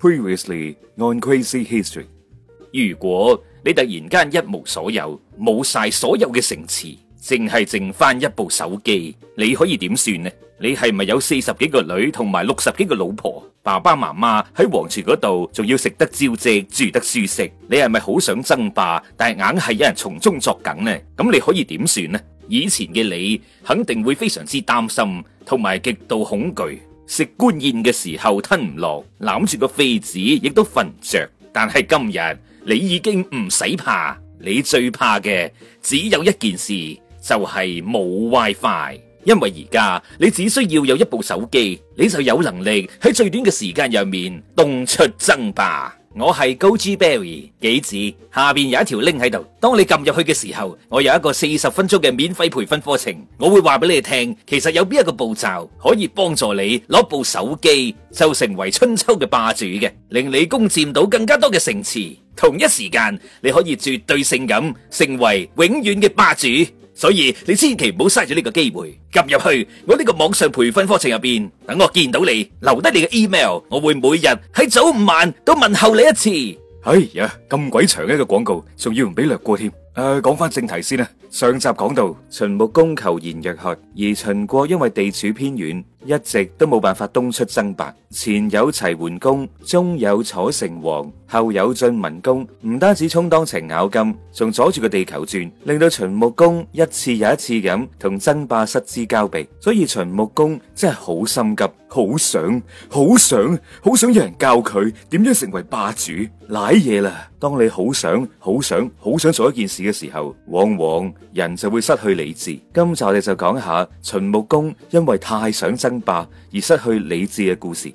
Previously on Crazy History，如果你突然間一無所有，冇晒所有嘅城池，淨係剩返一部手機，你可以點算呢？你係咪有四十幾個女同埋六十幾個老婆？爸爸媽媽喺皇朝嗰度仲要食得招積，住得舒適？你係咪好想爭霸，但係硬係有人從中作梗呢？咁你可以點算呢？以前嘅你肯定會非常之擔心，同埋極度恐懼。食官宴嘅時候吞唔落，攬住個痱子亦都瞓唔着。但係今日你已經唔使怕，你最怕嘅只有一件事，就係冇 WiFi。因為而家你只需要有一部手機，你就有能力喺最短嘅時間入面動出爭霸。我係 Goji Berry，杞子下邊有一條 link 喺度。當你撳入去嘅時候，我有一個四十分鐘嘅免費培訓課程，我會話俾你哋聽，其實有邊一個步驟可以幫助你攞部手機就成為春秋嘅霸主嘅，令你攻佔到更加多嘅城池。同一時間，你可以絕對性咁成為永遠嘅霸主。所以你千祈唔好嘥咗呢個機會，撳入去我呢個網上培訓課程入邊，等我見到你留低你嘅 email，我會每日喺早午晚都問候你一次。哎呀，咁鬼長一個廣告，仲要唔俾略過添？誒、呃，講翻正題先啦，上集講到秦穆公求賢若渴，而秦國因為地處偏遠。一直都冇辦法東出爭霸，前有齊桓公，中有楚成王，後有晉文公，唔單止充當程咬金，仲阻住個地球轉，令到秦穆公一次又一次咁同爭霸失之交臂，所以秦穆公真係好心急。好想，好想，好想有人教佢點樣成為霸主，瀨嘢啦！當你好想，好想，好想做一件事嘅時候，往往人就會失去理智。今集我哋就講一下秦穆公因為太想爭霸而失去理智嘅故事。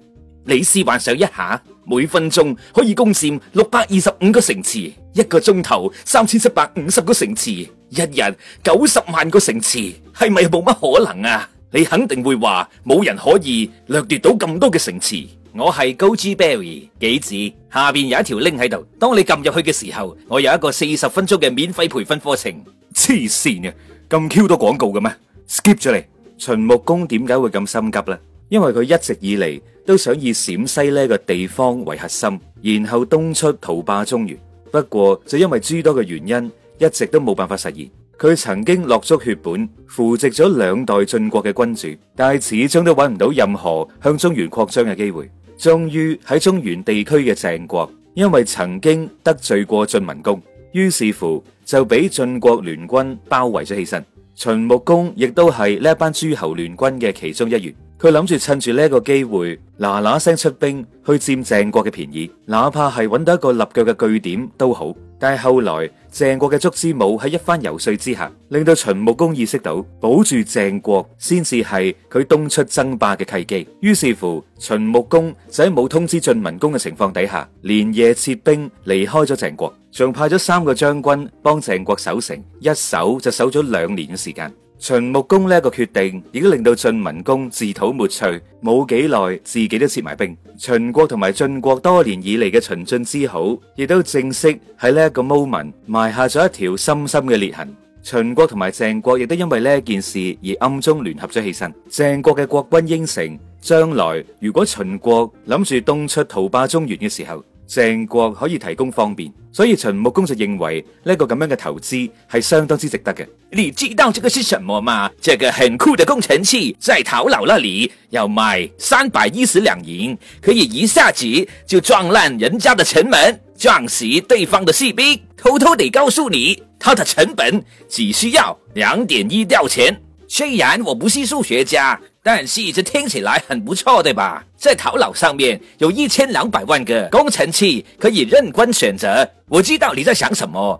你試幻想一下，每分鐘可以攻佔六百二十五個城池，一個鐘頭三千七百五十個城池，一日九十萬個城池，係咪冇乜可能啊？你肯定會話冇人可以掠奪到咁多嘅城池。我係 Goji Berry，杞子下邊有一條 link 喺度。當你撳入去嘅時候，我有一個四十分鐘嘅免費培訓課程。黐線呀，咁 Q 多廣告嘅咩？skip 咗嚟。秦穆公點解會咁心急呢？因為佢一直以嚟都想以陝西呢個地方為核心，然後東出圖霸中原。不過就因為諸多嘅原因，一直都冇辦法實現。佢曾經落足血本扶植咗兩代晉國嘅君主，但係始終都揾唔到任何向中原擴張嘅機會。終於喺中原地區嘅鄭國，因為曾經得罪過晉文公，於是乎就俾晉國聯軍包圍咗起身。秦穆公亦都係呢一班諸侯聯軍嘅其中一員。佢諗住趁住呢一個機會，嗱嗱聲出兵去佔鄭國嘅便宜，哪怕係揾到一個立腳嘅據點都好。但係後來鄭國嘅燭之武喺一番遊說之下，令到秦穆公意識到保住鄭國先至係佢東出爭霸嘅契機。於是乎，秦穆公就喺冇通知晉文公嘅情況底下，連夜撤兵離開咗鄭國，仲派咗三個將軍幫鄭國守城，一守就守咗兩年嘅時間。秦穆公呢一個決定，亦都令到晉文公自討沒趣，冇幾耐自己都撤埋兵。秦國同埋晉國多年以嚟嘅秦晉之好，亦都正式喺呢一個 moment 埋下咗一條深深嘅裂痕。秦國同埋鄭國亦都因為呢一件事而暗中聯合咗起身。鄭國嘅國君應承，將來如果秦國諗住東出圖霸中原嘅時候，鄭國可以提供方便，所以秦穆公就認為呢一、這個咁樣嘅投資係相當之值得嘅。你知道這個是什麼嗎？這個很酷的攻城器在陶老那裏要賣三百一十兩銀，可以一下子就撞爛人家的城門，撞死對方的士兵。偷偷地告訴你，它的成本只需要兩點一吊錢。雖然我不是數學家。但是這聽起來很不錯，對吧？在淘寶上面有一千兩百萬個工程器可以任君選擇。我知道你在想什麼。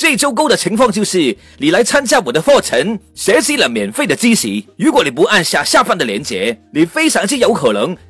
最糟糕的情況就是你來參加我的課程，學習了免費的知識。如果你不按下下方的鏈接，你非常之有可能。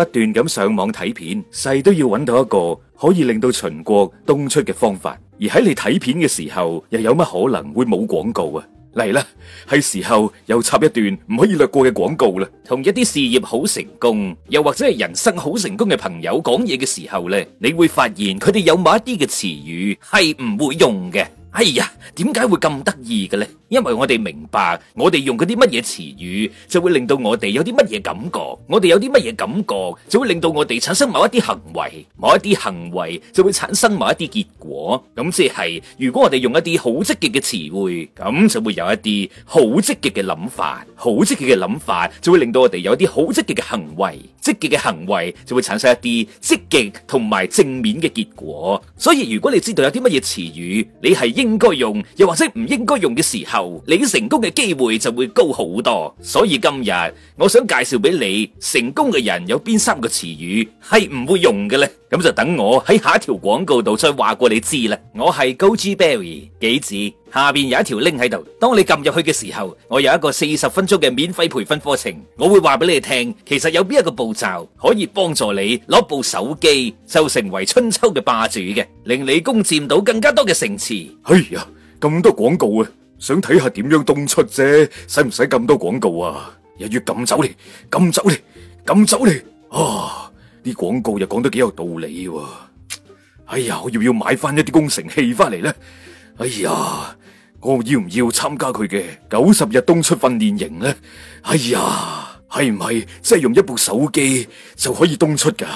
不斷咁上網睇片，細都要揾到一個可以令到秦國東出嘅方法。而喺你睇片嘅時候，又有乜可能會冇廣告啊？嚟啦，係時候又插一段唔可以略過嘅廣告啦。同一啲事業好成功，又或者係人生好成功嘅朋友講嘢嘅時候呢，你會發現佢哋有某一啲嘅詞語係唔會用嘅。哎呀，點解會咁得意嘅呢？因為我哋明白，我哋用嗰啲乜嘢詞語，就會令到我哋有啲乜嘢感覺。我哋有啲乜嘢感覺，就會令到我哋產生某一啲行為，某一啲行，行為就會產生某一啲結果。咁即係，如果我哋用一啲好積極嘅詞彙，咁就會有一啲好積極嘅諗法，好積極嘅諗法就會令到我哋有一啲好積極嘅行為，積極嘅行為就會產生一啲積極同埋正面嘅結果。所以如果你知道有啲乜嘢詞語，你係應該用，又或者唔應該用嘅時候，你成功嘅機會就會高好多，所以今日我想介紹俾你成功嘅人有邊三個詞語係唔會用嘅呢？咁就等我喺下一條廣告度再話過你知啦。我係 Goji Berry，幾字下邊有一條拎喺度，當你撳入去嘅時候，我有一個四十分鐘嘅免費培訓課程，我會話俾你聽，其實有邊一個步驟可以幫助你攞部手機就成為春秋嘅霸主嘅，令你攻佔到更加多嘅城池。哎呀，咁多廣告啊！想睇下點樣東出啫，使唔使咁多廣告啊？一於撳走你，撳走你，撳走你啊！啲廣告又講得幾有道理喎。哎呀，我要唔要買翻一啲工程器翻嚟咧？哎呀，我要唔要參加佢嘅九十日東出訓練營咧？哎呀，係唔係即係用一部手機就可以東出噶？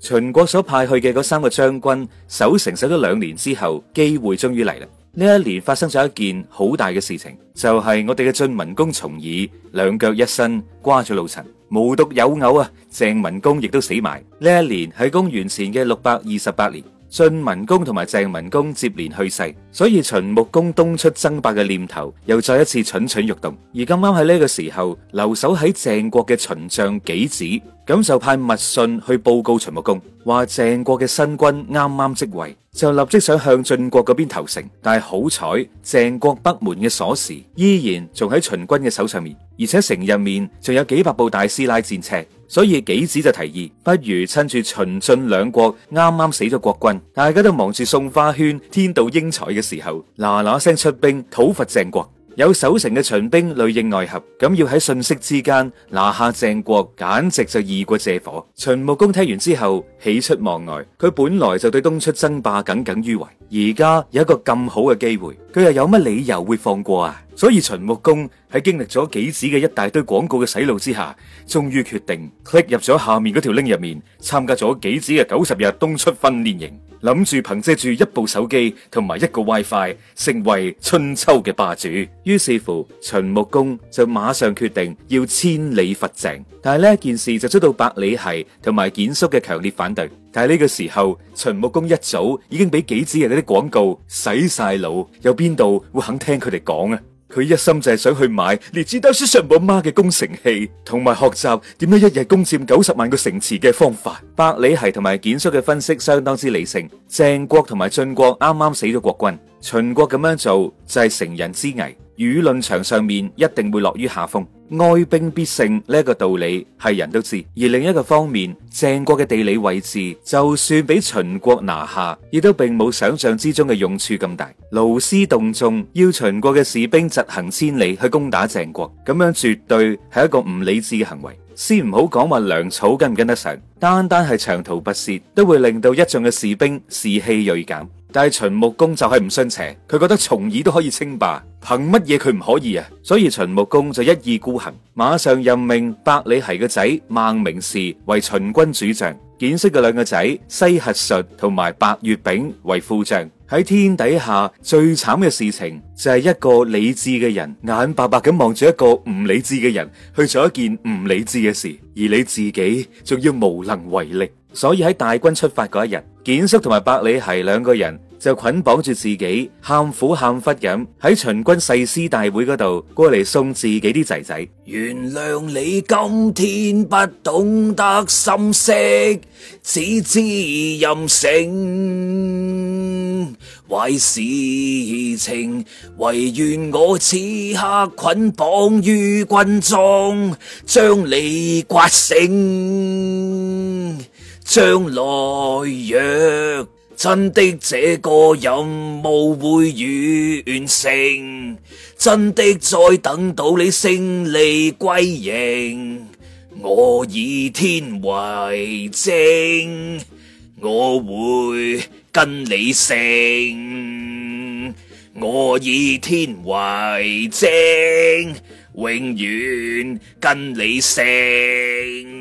秦國所派去嘅嗰三個將軍守城守咗兩年之後，機會終於嚟啦。呢一年發生咗一件好大嘅事情，就係、是、我哋嘅晉文公重耳兩腳一伸，瓜咗老襯，無獨有偶啊，鄭文公亦都死埋。呢一年喺公元前嘅六百二十八年，晉文公同埋鄭文公接連去世，所以秦穆公東出爭霸嘅念頭又再一次蠢蠢欲動。而咁啱喺呢個時候，留守喺鄭國嘅秦將杞子。咁就派密信去報告秦穆公，話鄭國嘅新君啱啱即位，就立即想向晉國嗰邊投誠。但係好彩，鄭國北門嘅鎖匙依然仲喺秦軍嘅手上面，而且城入面仲有幾百部大師拉戰車，所以杞子就提議，不如趁住秦晉兩國啱啱死咗國君，大家都忙住送花圈、天妒英才嘅時候，嗱嗱聲出兵討伐鄭國。有守城嘅秦兵裡應外合，咁要喺瞬息之間拿下鄭國，簡直就易過借火。秦穆公聽完之後喜出望外，佢本來就對東出爭霸耿耿於懷，而家有一個咁好嘅機會，佢又有乜理由會放過啊？所以秦穆公喺經歷咗杞子嘅一大堆廣告嘅洗腦之下，終於決定 click 入咗下面嗰條 link 入面，參加咗杞子嘅九十日東出訓練營，諗住憑借住一部手機同埋一個 WiFi，成為春秋嘅霸主。於是乎，秦穆公就馬上決定要千里伐鄭，但係呢一件事就遭到百里奚同埋蹇叔嘅強烈反對。但係呢個時候，秦穆公一早已經俾杞子嗰啲廣告洗晒腦，有邊度會肯聽佢哋講啊？佢一心就係想去買，連子丹叔上唔好媽嘅攻城器，同埋學習點樣一日攻佔九十萬個城池嘅方法。百里奚同埋簡叔嘅分析相當之理性。鄭國同埋晉國啱啱死咗國君，秦國咁樣做就係乘人之危。輿論場上面一定會落於下風，哀兵必勝呢一個道理係人都知。而另一個方面，鄭國嘅地理位置就算俾秦國拿下，亦都並冇想象之中嘅用處咁大。勞師動眾，要秦國嘅士兵疾行千里去攻打鄭國，咁樣絕對係一個唔理智嘅行為。先唔好講話糧草跟唔跟得上，單單係長途跋涉都會令到一眾嘅士兵士氣銳減。但係秦穆公就係唔信邪，佢覺得重耳都可以稱霸，憑乜嘢佢唔可以啊？所以秦穆公就一意孤行，馬上任命百里奚個仔孟明視為秦軍主將，蹇叔嘅兩個仔西乞術同埋白乙丙為副將。喺天底下最慘嘅事情就係一個理智嘅人眼白白咁望住一個唔理智嘅人去做一件唔理智嘅事，而你自己仲要無能為力。所以喺大軍出發嗰一日，蹇叔同埋百里奚兩個人就捆綁住自己，喊苦喊忽。咁喺秦軍誓師大會嗰度過嚟送自己啲仔仔。原諒你今天不懂得心息，只知任性壞事情，唯願我此刻捆綁於軍中，將你刮醒。將來若真的這個任務會完成，真的再等到你勝利歸營，我以天為證，我會跟你勝，我以天為證，永遠跟你勝。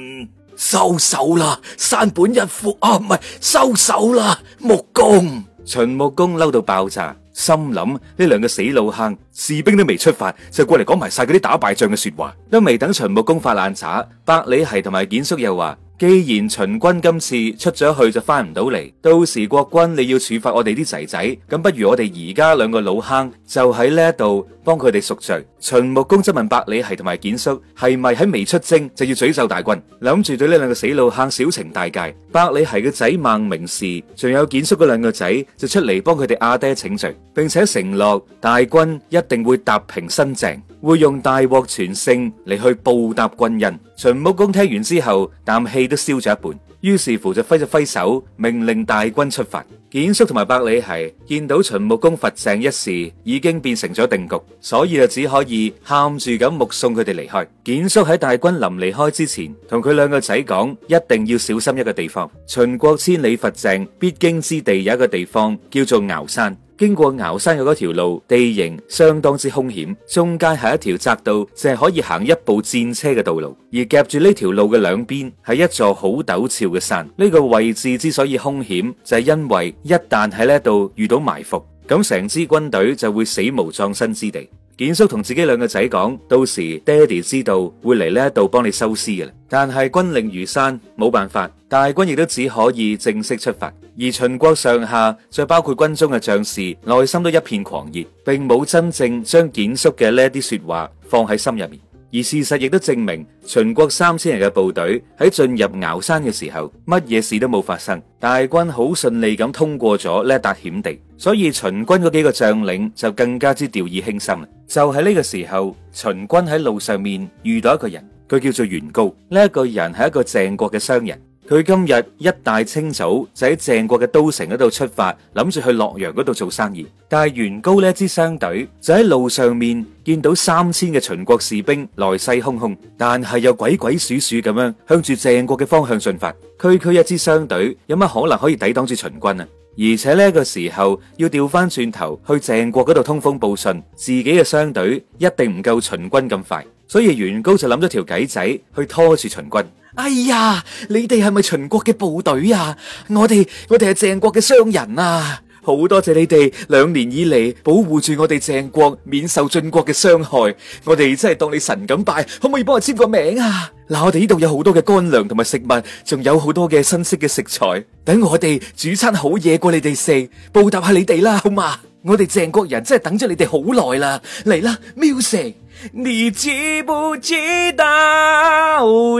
收手啦，山本一夫啊，唔係收手啦，穆公，秦穆公嬲到爆炸，心諗呢兩個死老坑，士兵都未出發就過嚟講埋晒嗰啲打敗仗嘅說話，都未等秦穆公發爛渣，百里奚同埋蹇叔又話。既然秦軍今次出咗去就翻唔到嚟，到時國君你要處罰我哋啲仔仔，咁不如我哋而家兩個老坑就喺呢一度幫佢哋贖罪。秦穆公質問百里奚同埋簡叔，係咪喺未出征就要詛咒大軍，諗住對呢兩個死老坑小懲大戒。百里奚嘅仔孟明視，仲有簡叔嘅兩個仔就出嚟幫佢哋阿爹請罪，並且承諾大軍一定會踏平新鄭。會用大獲全勝嚟去報答軍人，秦穆公聽完之後，啖氣都消咗一半。於是乎就揮咗揮手，命令大軍出發。簡叔同埋百里奚見到秦穆公伐鄭一事已經變成咗定局，所以就只可以喊住咁目送佢哋離開。簡叔喺大軍臨離開之前，同佢兩個仔講，一定要小心一個地方。秦國千里伐鄭必經之地有一個地方叫做敖山，經過敖山嘅嗰條路，地形相當之凶險，中間係一條窄道，淨係可以行一部戰車嘅道路，而夾住呢條路嘅兩邊係一座好陡峭。山呢個位置之所以凶險，就係因為一旦喺呢度遇到埋伏，咁成支軍隊就會死無葬身之地。簡叔同自己兩個仔講，到時爹哋知道會嚟呢一度幫你收屍嘅。但係軍令如山，冇辦法，大軍亦都只可以正式出發。而秦國上下，再包括軍中嘅將士，內心都一片狂熱，並冇真正將簡叔嘅呢啲說話放喺心入面。而事實亦都證明，秦國三千人嘅部隊喺進入崤山嘅時候，乜嘢事都冇發生，大軍好順利咁通過咗呢一笪險地，所以秦軍嗰幾個將領就更加之掉以輕心。就喺、是、呢個時候，秦軍喺路上面遇到一個人，佢叫做弦高，呢、這個、一個人係一個鄭國嘅商人。佢今日一大清早就喺鄭國嘅都城嗰度出發，諗住去洛陽嗰度做生意。但係弦高呢支商隊就喺路上面見到三千嘅秦國士兵來勢洶洶，但係又鬼鬼祟祟咁樣向住鄭國嘅方向進發。區區一支商隊有乜可能可以抵擋住秦軍啊？而且呢個時候要調翻轉頭去鄭國嗰度通風報信，自己嘅商隊一定唔夠秦軍咁快，所以弦高就諗咗條計仔去拖住秦軍。哎呀，你哋係咪秦國嘅部隊啊？我哋我哋係鄭國嘅商人啊！好多謝你哋兩年以嚟保護住我哋鄭國免受晉國嘅傷害，我哋真係當你神咁拜，可唔可以幫我簽個名啊？嗱，我哋呢度有好多嘅乾糧同埋食物，仲有好多嘅新式嘅食材，等我哋煮餐好嘢過你哋食，報答下你哋啦，好嘛？我哋鄭國人真係等咗你哋好耐啦，嚟啦，music。你記不記得？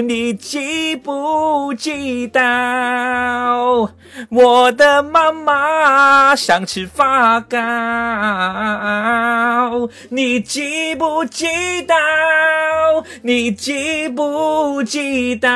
你記不記得？我的媽媽想吃發糕。你記不記得？你記不記得？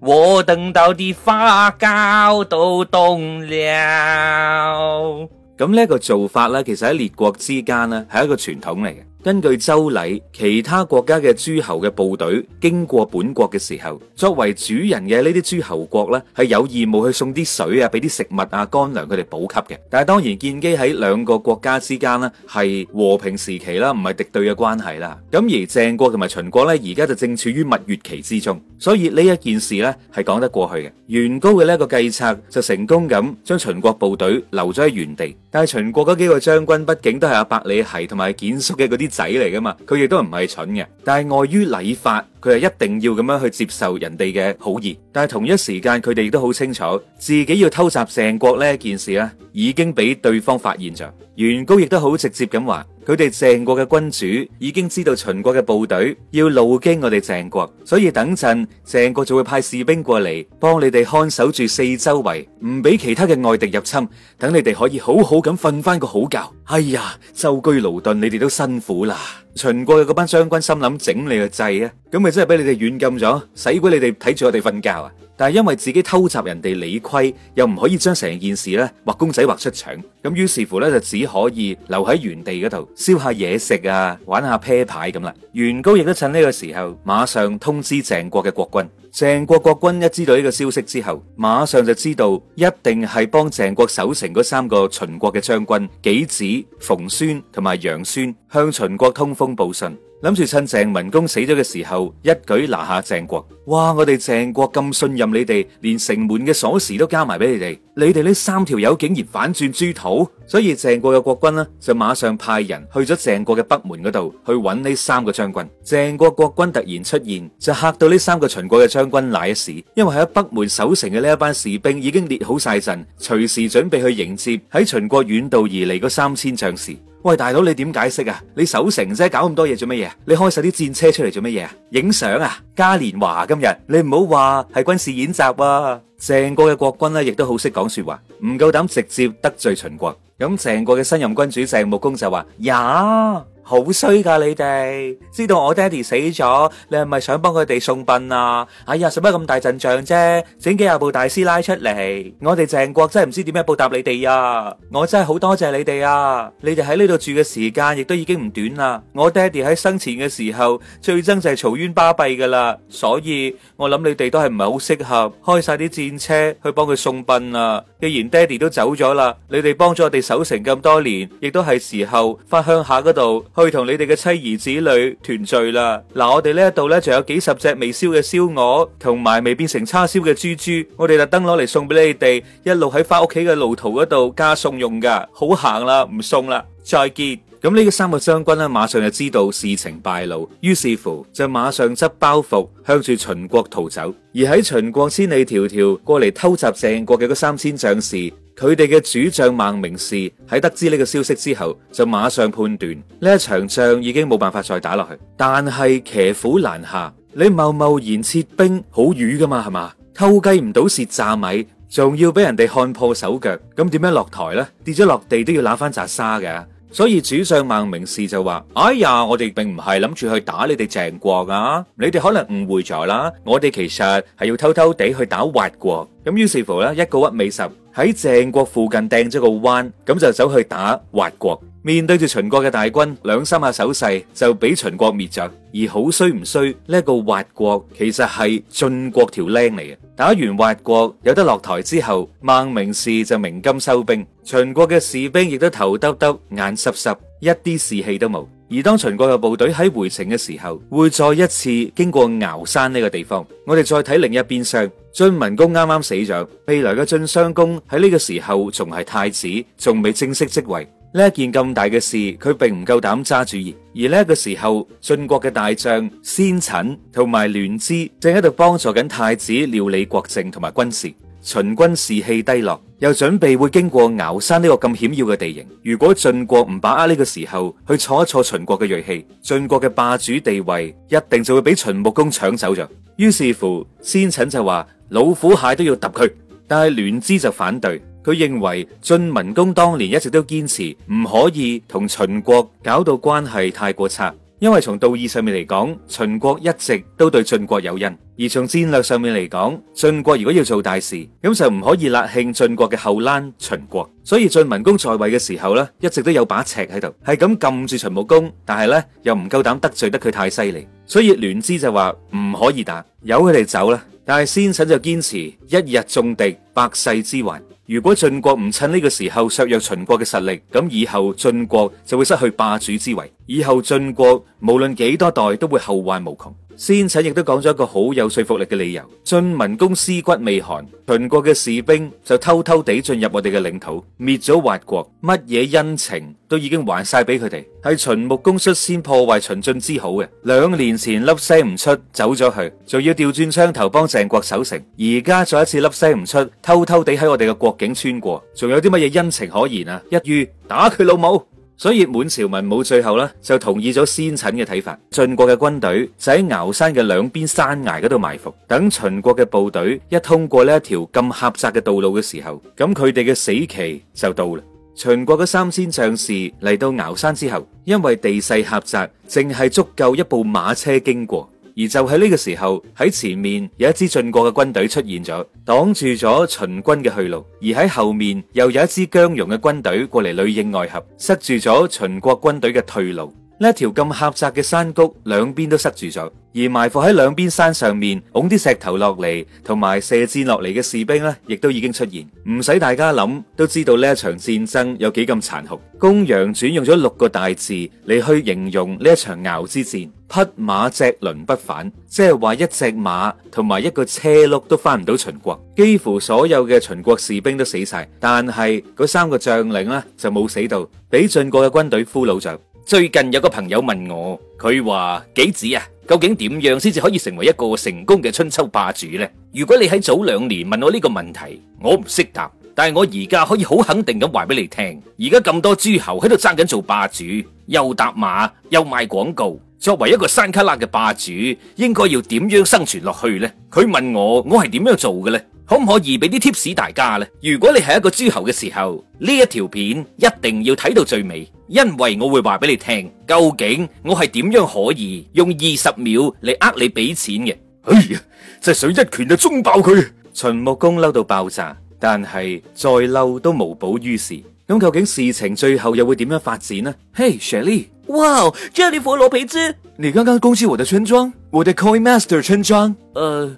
我等到的發糕都凍了。咁呢個做法呢，其實喺列國之間呢，係一個傳統嚟嘅。根據周禮，其他國家嘅諸侯嘅部隊經過本國嘅時候，作為主人嘅呢啲諸侯國呢，係有義務去送啲水啊，俾啲食物啊、乾糧佢哋補給嘅。但係當然建基喺兩個國家之間呢，係和平時期啦，唔係敵對嘅關係啦。咁而鄭國同埋秦國呢，而家就正處於蜜月期之中，所以呢一件事呢，係講得過去嘅。原高嘅呢一個計策就成功咁將秦國部隊留咗喺原地，但係秦國嗰幾個將軍畢竟都係阿百里奚同埋蹇叔嘅嗰啲仔嚟噶嘛，佢亦都唔係蠢嘅，但係礙於禮法，佢係一定要咁樣去接受人哋嘅好意。但係同一時間，佢哋亦都好清楚自己要偷襲鄭國呢一件事啦，已經俾對方發現咗。弦高亦都好直接咁話。佢哋鄭國嘅君主已經知道秦國嘅部隊要路經我哋鄭國，所以等陣鄭國就會派士兵過嚟幫你哋看守住四周圍，唔俾其他嘅外敵入侵，等你哋可以好好咁瞓翻個好覺。哎呀，舟車勞頓，你哋都辛苦啦。秦國嘅嗰班將軍心諗，整你個掣啊，咁咪真係俾你哋軟禁咗，使鬼你哋睇住我哋瞓覺啊？但係因為自己偷襲人哋理虧，又唔可以將成件事呢畫公仔畫出腸。咁於是乎呢，就只可以留喺原地嗰度，燒下嘢食啊，玩下啤牌咁啦。元高亦都趁呢個時候，馬上通知鄭國嘅國君。鄭國國君一知道呢個消息之後，馬上就知道一定係幫鄭國守城嗰三個秦國嘅將軍，杞子、逢孫同埋楊孫，向秦國通風報信，諗住趁鄭文公死咗嘅時候，一舉拿下鄭國。哇！我哋鄭國咁信任你哋，連城門嘅鎖匙都交埋俾你哋，你哋呢三條友竟然反轉豬頭！好，所以鄭國嘅國君呢，就馬上派人去咗鄭國嘅北門嗰度去揾呢三個將軍。鄭國國君突然出現，就嚇到呢三個秦國嘅將軍瀨一屎。因為喺北門守城嘅呢一班士兵已經列好晒陣，隨時準備去迎接喺秦國遠道而嚟嗰三千將士。喂，大佬你點解釋啊？你守城啫，搞咁多嘢做乜嘢？你開晒啲戰車出嚟做乜嘢啊？影相啊？嘉年華今日你唔好話係軍事演習啊！鄭國嘅國君咧，亦都好識講說話，唔夠膽直接得罪秦國。咁鄭國嘅新任君主鄭穆公就話：，呀。Yeah. 好衰噶你哋！知道我爹哋死咗，你係咪想幫佢哋送殯啊？哎呀，使乜咁大陣仗啫？整幾廿部大師奶出嚟，我哋鄭國真係唔知點樣報答你哋啊！我真係好多謝你哋啊！你哋喺呢度住嘅時間亦都已經唔短啦。我爹哋喺生前嘅時候最憎就係嘈冤巴閉噶啦，所以我諗你哋都係唔係好適合開晒啲戰車去幫佢送殯啊！既然爹哋都走咗啦，你哋幫咗我哋守城咁多年，亦都係時候翻鄉下嗰度去同你哋嘅妻兒子女團聚啦。嗱、啊，我哋呢一度呢，仲有幾十隻未燒嘅燒鵝，同埋未變成叉燒嘅豬豬，我哋特登攞嚟送俾你哋，一路喺翻屋企嘅路途嗰度加餸用噶，好行啦，唔送啦，再見。咁呢個三個將軍呢，馬上就知道事情敗露，於是乎就馬上執包袱向住秦國逃走。而喺秦國千里迢迢過嚟偷襲鄭國嘅嗰三千將士，佢哋嘅主將孟明視喺得知呢個消息之後，就馬上判斷呢一場仗已經冇辦法再打落去。但係騎虎難下，你貿貿然撤兵好瘀噶嘛，係嘛？偷雞唔到蝕炸米，仲要俾人哋看破手腳，咁點樣落台呢？跌咗落地都要揦翻紮沙噶。所以主上孟明視就話：哎呀，我哋並唔係諗住去打你哋鄭國噶、啊，你哋可能誤會咗啦。我哋其實係要偷偷地去打滑國。咁於是乎咧，一個屈尾十喺鄭國附近掟咗個彎，咁就走去打滑國。面對住秦國嘅大軍，兩三下手勢就俾秦國滅咗。而好衰唔衰呢？呢個滑國其實係晉國條靚嚟啊！打完滑國有得落台之後，孟明視就鳴金收兵，秦國嘅士兵亦都頭耷耷眼濕濕，一啲士氣都冇。而當秦國嘅部隊喺回程嘅時候，會再一次經過崤山呢個地方。我哋再睇另一邊廂，晉文公啱啱死咗，未來嘅晉襄公喺呢個時候仲係太子，仲未正式即位。呢一件咁大嘅事，佢並唔夠膽揸主意。而呢個時候，晉國嘅大將先軫同埋欒枝正喺度幫助緊太子料理國政同埋軍事。秦軍士氣低落，又準備會經過崤山呢個咁險要嘅地形。如果晉國唔把握呢個時候去挫一挫秦國嘅銳氣，晉國嘅霸主地位一定就會俾秦穆公搶走咗。於是乎，先軫就話：老虎蟹都要揼佢。但係欒枝就反對。佢認為，晉文公當年一直都堅持唔可以同秦國搞到關係太過差，因為從道義上面嚟講，秦國一直都對晉國有恩。而從戰略上面嚟講，晉國如果要做大事，咁就唔可以勒興晉國嘅後欄秦國。所以晉文公在位嘅時候呢，一直都有把尺喺度，係咁撳住秦穆公，但係呢又唔夠膽得罪得佢太犀利。所以欒枝就話唔可以打，由佢哋走啦。但係先臣就堅持一日縱敵，百世之患。如果晉國唔趁呢個時候削弱秦國嘅實力，咁以後晉國就會失去霸主之位。以後晉國。無論幾多代都會後患無窮。先軫亦都講咗一個好有說服力嘅理由：晉文公尸骨未寒，秦國嘅士兵就偷偷地進入我哋嘅領土，滅咗滑國，乜嘢恩情都已經還晒俾佢哋，係秦穆公率先破壞秦晉之好嘅。兩年前粒聲唔出走咗去，仲要調轉槍頭幫鄭國守城，而家再一次粒聲唔出，偷偷地喺我哋嘅國境穿過，仲有啲乜嘢恩情可言啊？一於打佢老母！所以滿朝文武最後呢就同意咗先軫嘅睇法，晉國嘅軍隊就喺崤山嘅兩邊山崖嗰度埋伏，等秦國嘅部隊一通過呢一條咁狹窄嘅道路嘅時候，咁佢哋嘅死期就到啦。秦國嘅三千將士嚟到崤山之後，因為地勢狹窄，淨係足夠一部馬車經過。而就喺呢個時候，喺前面有一支晉國嘅軍隊出現咗，擋住咗秦軍嘅去路；而喺後面又有一支姜戎嘅軍隊過嚟，裏應外合，塞住咗秦國軍隊嘅退路。呢一條咁狹窄嘅山谷，兩邊都塞住咗，而埋伏喺兩邊山上面，拱啲石頭落嚟，同埋射箭落嚟嘅士兵呢，亦都已經出現。唔使大家諗，都知道呢一場戰爭有幾咁殘酷。公羊傳用咗六個大字嚟去形容呢一場崤之戰：匹馬隻輪不返，即係話一隻馬同埋一個車轆都返唔到秦國。幾乎所有嘅秦國士兵都死晒，但係嗰三個將領呢，就冇死到，俾晉國嘅軍隊俘虜着。最近有個朋友問我，佢話杞子啊，究竟點樣先至可以成為一個成功嘅春秋霸主呢？如果你喺早兩年問我呢個問題，我唔識答，但係我而家可以好肯定咁話俾你聽，而家咁多諸侯喺度爭緊做霸主，又搭馬又賣廣告，作為一個山卡拉嘅霸主，應該要點樣生存落去呢？佢問我，我係點樣做嘅呢？可唔可以俾啲 tips 大家咧？如果你係一個諸侯嘅時候，呢一條片一定要睇到最尾，因為我會話俾你聽，究竟我係點樣可以用二十秒嚟呃你俾錢嘅。哎呀，就想一拳就中爆佢！秦穆公嬲到爆炸，但係再嬲都無補於事。咁究竟事情最後又會點樣發展呢？嘿，Shelly，哇，真係火爐皮子！你剛剛攻擊我的村莊，我的 Coin Master 村莊，呃、uh, uh，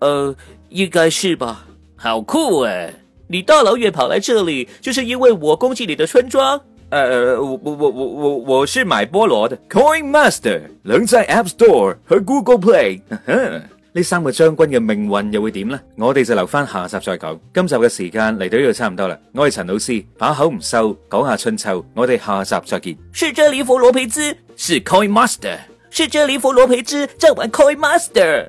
呃。應該是吧，好酷誒、啊！你大老遠跑來這裏，就是因為我攻擊你的村莊？誒、uh,，我我我我我我是買菠蘿的 Coin Master，兩劑 App Store 和 Google Play。呢 三個將軍嘅命運又會點呢？我哋就留翻下集再講。今集嘅時間嚟到呢度差唔多啦，我係陳老師，把口唔收，講下春秋，我哋下集再見。是 Jennifer Lopez，是 Coin Master，是 Jennifer Lopez 在玩 Coin Master。